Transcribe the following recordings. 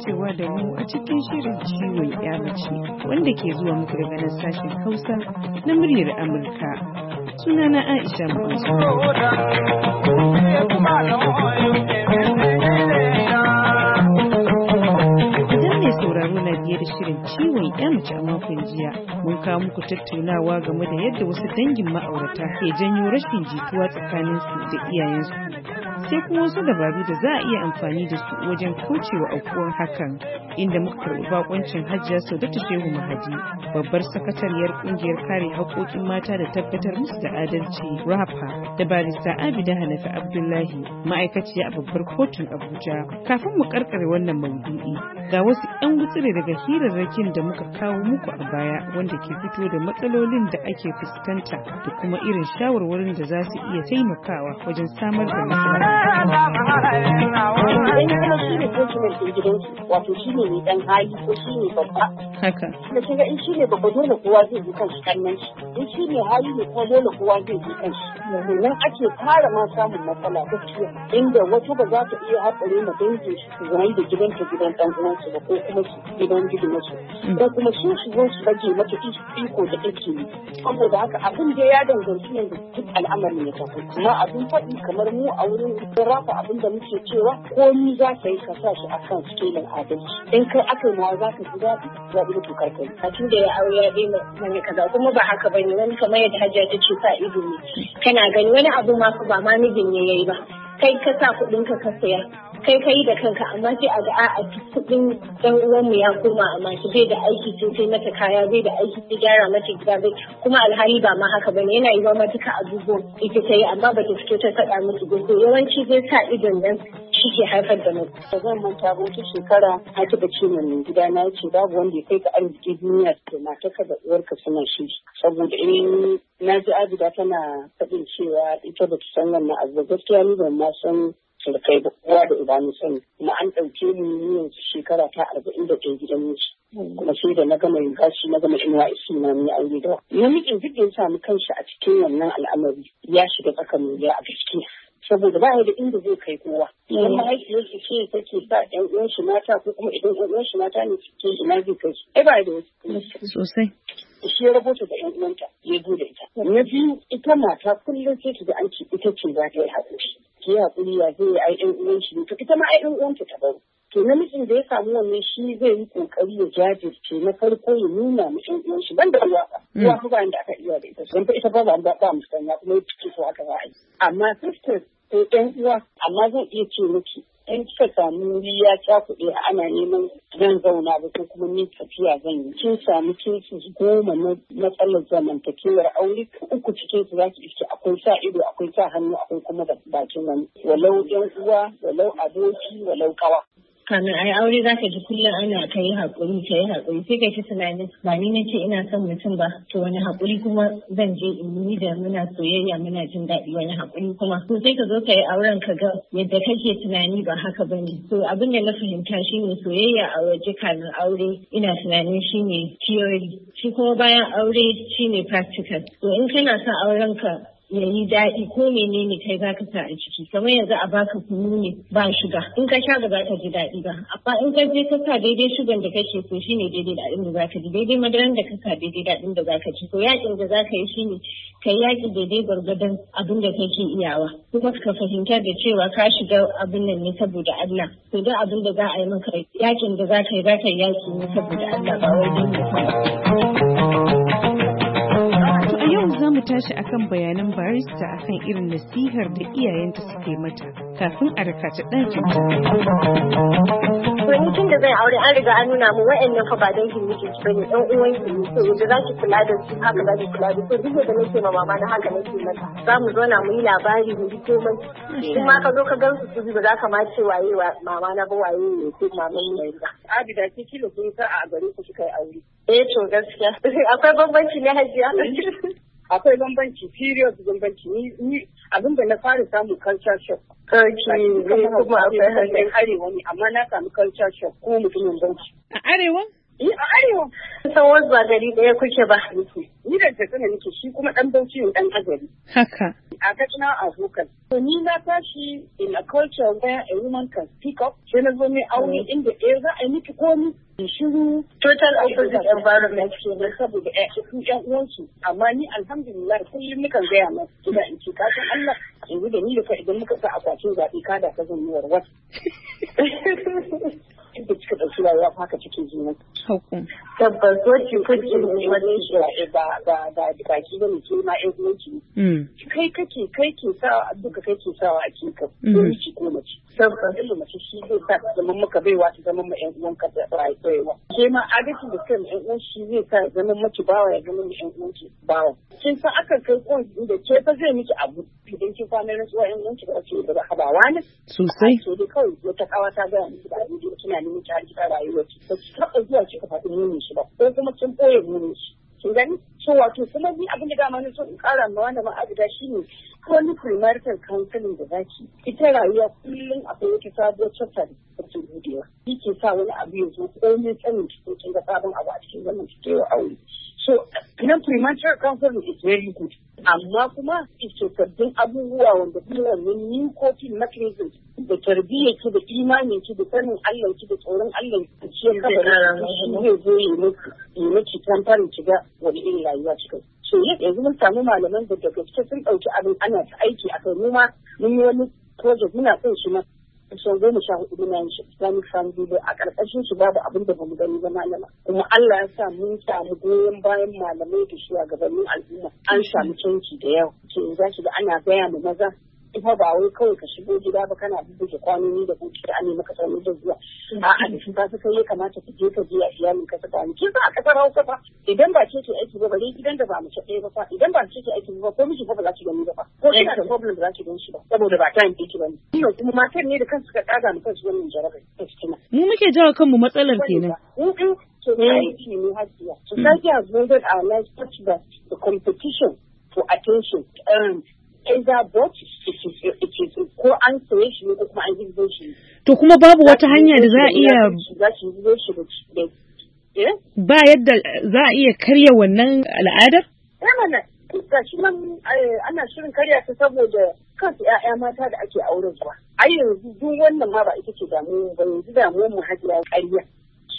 kasancewa da mu a cikin shirin ciwon mace wanda ke zuwa muku daga nan sashen Hausa na muryar Amurka. Sunana Aisha sauraro na biye shirin ciwon yamci a makon jiya mun kawo muku tattaunawa game da yadda wasu dangin ma'aurata ke janyo rashin jituwa tsakaninsu da iyayensu sai kuma wasu dabaru da za a iya amfani da su wajen kaucewa aukuwar hakan inda muka karɓi bakoncin hajjiya saudatu shehu mahadi babbar sakatariyar ƙungiyar kare haƙoƙin mata da tabbatar musu da adalci rafa da barista abida hanafi abdullahi ma'aikaciya a babbar kotun abuja kafin mu karkare wannan maudu'i ga wasu 'yan gutsire daga hirarrakin da muka kawo muku a baya wanda ke fito da matsalolin da ake fuskanta da kuma irin shawarwarin da za su iya taimakawa wajen samar da matsala management din gidansu wato shi ne mai dan hali ko shi ne babba. Haka. Da kin ga in shi ne babba dole kowa zai yi kanshi kannan shi. In shi ne hali ne kuma dole kowa zai kan shi. nan ake fara ma samun matsala ta gaskiya inda wata ba za ta iya haɗari ma dangi su zai da gidan ta gidan ɗan uwansu ba ko kuma su gidan su. ko kuma su su zo su rage mata iko da ake yi saboda haka abin da ya danganci yanzu duk al'amarin ya tafi kuma abin faɗi kamar mu a wurin rafa abin da muke cewa komi za ka yi ka sa shi kan sikelin adalci in kai aka yi ma za ka ji daɗi za ka mutu karkai a tun da ya aure ya daina kaza kuma ba haka bane wani kamar yadda hajiya ta ce sa ido ne ina gani wani abu ma ba ma mijin ne yi ba kai ka sa kuɗin ka ka saya kai kai da kanka amma sai a ga a kudin dan mu ya koma a shi bai da aiki sai sai mata kaya bai da aiki sai gyara mata gida bai kuma alhali ba ma haka bane yana yi wa a abubuwan ita ta yi amma ba ta fito ta faɗa musu gobe yawanci zai sa idon nan shi ke haifar da mutu. Ba zan manta wata shekara a taɓa ce mai gida na ce babu wanda ya kai ka arziki duniya da matarka da uwarka suna shi. Saboda in na ji Abida tana faɗin cewa ita ba ta san wannan abu gaskiya ni ban ma san kai da kowa da uba ni sani kuma an ɗauke ni yanzu shekara ta arba'in da ɗaya gidan miji hmm. kuma sai da na gama gashi na gama inuwa isi na ni aure da namijin duk da ya sami kanshi a cikin wannan al'amari ya shiga tsakanin ya a gaskiya saboda ba da inda zai kai kowa hmm. idan mahaifiyar shi ce ke ba ɗan uwan shi mata ko kuma idan ɗan uwan shi mata ne suke ina zai kai su ai ba da sosai shi ya rabota da ƴan uwanta ya gode ita na biyu ita mata kullum sai ki ga an ce ita ce za ta yi haƙuri ya hakuri ya zai ai ɗan uwan shi to ita ma ai ɗan uwan ta baro to namijin da ya samu wannan shi zai yi ƙoƙari ya jajirce na farko ya nuna mu ɗan uwan shi banda uwa ku da mm. aka iya da ita don fa ita ba ba ba musanya kuma ya fice so haka za a yi amma sisters ko ɗan uwa amma zan iya ce miki in kika samu wuri ya cakuɗe ana neman zan zauna ba ko kuma ni tafiya zan yi kin samu cases goma na matsalar zamantakewar aure uku cikin su su iske akwai sa ido akwai sa hannu akwai kuma bakin wani walau yan uwa walau aboki walau kawa kamin ai aure zaka ji kullum ana ka yi haƙuri ka yi haƙuri sai kai ta tunanin ba ni na ce ina son mutum ba to wani haƙuri kuma zan je in yi da muna soyayya muna jin daɗi wani haƙuri kuma to sai ka zo ka yi auren ka ga yadda kake tunani ba haka ba ne to abin da na fahimta shine soyayya a waje kamin aure ina tunanin shine theory shi kuma bayan aure shine practical to in kana son auren ka ya yi daɗi ko menene kai za sa a ciki kamar yanzu a baka kunu ne ba shuga in ka sha ba za ka ji daɗi ba amma in ka je ka sa daidai shugan da kake so shine daidai daɗin da za ka ji daidai madaran da ka sa daidai daɗin da za ka ci to yakin da za ka yi shine ka yaƙi daidai gwargwadon abin da kake iyawa kuma ka fahimta da cewa ka shiga abin nan ne saboda Allah to duk abin da za a yi maka yakin da za ka yi za ka yi yaƙi ne saboda Allah ba wai mutum za mu tashi akan bayanan barista akan irin nasihar da iyayenta suke mata kafin a raka ta ɗakin. To Wani tun da zai aure an riga an nuna mu wa'annan fa ba dangin miki ba ne ɗan uwan ki ne So yadda za ki kula da su haka za ki kula da su duk da nake ma mama na haka nake mata za mu zauna mu yi labari mu yi komai in ma ka zo ka gan su su ba za ka ma ce waye mama na ba waye ne ko mama ne ba. Abida ki kilo kun sa a gare ku kika yi aure. Eh to gaskiya akwai bambanci ne hajiya. akwai bambanci serious bambanci ni ni abin da na fara samun culture shock kuma akwai hanyar arewa ne amma na samu culture shock ko mutumin banci a arewa Ni a arewa san wasu ba gari ɗaya kuke ba ni da tsana nake shi kuma dan bauchi ne dan azari haka aboriginal and local. To ni na tashi in a culture where a woman can speak up. Sai na zo mai aure inda ɗaya za a yi miki komi total opposite environment ke nan saboda su ƴan uwansu amma ni alhamdulillah kullum nukan gaya masu gida in ce kasan Allah in da ni da ka idan muka sa akwatin zaɓe kada ka zan yi warwar. Duk da cika ɗauki rayuwa haka cikin jinin. tabbas wacce kake wani shi ba ba ba kaki ba mutum ɗan uwanki mm. kai kake kai ke sawa kai ke sawa a kinka to mm. shi sarrafa mace shi zai sa ta ta da rayuwa. Ke ma adalcin da uwan shi zai sa mace bawa ya zama uwan ki bawa. Kin san aka kai ƙon da ke fa zai miki abu idan kin kwana na zuwa ƴan uwan ki ba ce da ba ba wani. Sosai. so dai kawai wata kawa ta gaya miki da abin da kina neman ki har kika rayuwa ki. Ba ki taɓa zuwa kika faɗi munin shi ba ko kuma kin ɓoye shi. Kin gani? so wato kuma ni abin da dama na so in kara ma wanda ma'aikata shine wani premarital counseling da zaki ita rayuwa kullum akwai wata sabuwar chapter da ke budewa Ni ke sa wani abu ya zo komai tsanin cikin kin ga sabon abu a cikin wannan cikin aure so na premarital counseling is very good amma kuma ita sabbin abubuwa wanda kuma wani new coping mechanisms da tarbiyyar ki da imanin ki da sanin Allah ki da tsoron Allah ki ce ya da shi ne zo yi miki yi miki tantar ki ga wani irin rayuwa kai so yanzu mun samu malaman da daga gaske sun dauki abin ana ta aiki a kai mu ma mun yi wani project muna son shi ma sau goma sha hudu na yanzu. islamic family da a karkashin shi babu abin da bamu gani ba malama kuma Allah ya sa mun samu goyon bayan malamai da shugabannin al'umma an samu canji da yau ce za ki ga ana gaya ma maza ita ba wai kawai ka shigo gida ba kana bubbuke kwanoni da kuke a ne maka sanar da zuwa a'a da shi ba su kai ya kamata ka je ka je a iyalin ka saka ni kin a kasar Hausa fa idan ba ce ce aiki ba bare gidan da ba mu ce ɗaya ba fa idan ba ce ce aiki ba ko miji ba ba za ki gani ba fa ko kina da problem ba za ki gani ba saboda ba ta yanke ki ba ne kuma matar ne da kansu ka kaga mu kansu wannan jarabar mu muke jawo kanmu matsalar kenan society ne hajiya society mm. has molded our lives such that the competition for attention um, either ko an saye shi ne ko an girbe shi to kuma babu wata hanya da za a iya eh? ba yadda za a iya karya wannan al'adar eh, ga shi nan eh, ana shirin karya ta saboda kansu 'ya'ya mata da ake auren kuwa. Ai yanzu duk wannan ma ba ita ce damuwa ba yanzu damuwa mu hajiya ƙarya.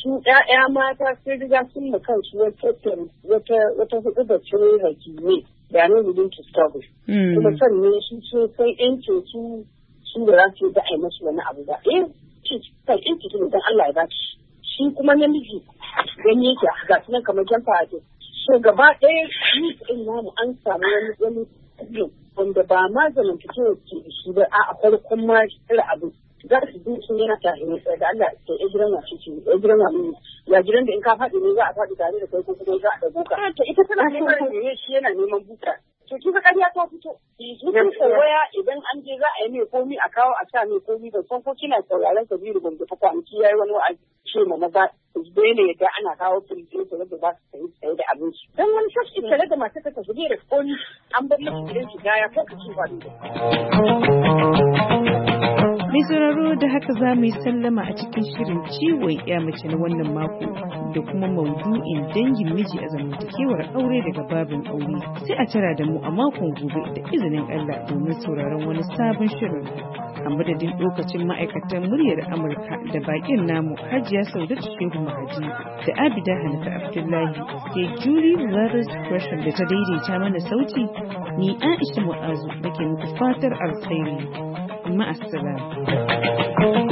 su ‘ya'ya mata sai riga sun ma kansu wata hudu da cire hakimi da ne willing to struggle. Kuma sannan su sun san ‘yancin su su da za su da a masu wani abu ba. Eh, kan ‘yanci su don Allah ya ba shi. Shi kuma namiji gani yake ga su nan kamar jan fa'ado. So gaba ɗaya ni ɗin namu an samu wani wani wanda ba ma zamantakewa ke shi ba a farkon ma shi abu. za su bi sun yana tafi ne da Allah to ya gidan wasu ce ya gidan wasu ya gidan da in ka faɗi ne za a faɗi tare da kai ko kuma za a ɗago ka ah, to ita tana neman ne shi yana neman buta to kin ga ƙarya ta fito eh, idan waya idan an je za a yi mai komi a kawo a sa mai komi da son ko kina sauraron Kabiru Gombe ta kwanci yayi wani wa'azi ce ma maza daina yadda ana kawo firjin su da za su sayi saye da abinci Don wani shafin tare da masu ka tafi da komi an bar masu gidan shiga ya ko ka ci ba yau da haka za mu yi sallama a cikin shirin ciwon ya mace na wannan mako da kuma maudu'in dangin miji a zamantakewar aure daga babin aure sai a tara da mu a makon gobe da izinin Allah domin sauraron wani sabon shirin a madadin lokacin ma'aikatan muryar Amurka da bakin namu Hajiya Saudatu Shehu Mahaji da Abida Hanifa Abdullahi sai Julie Lazarus Gresham da ta daidaita mana sauti ni Aisha Mu'azu ke muku fatar alkhairi مع السلامة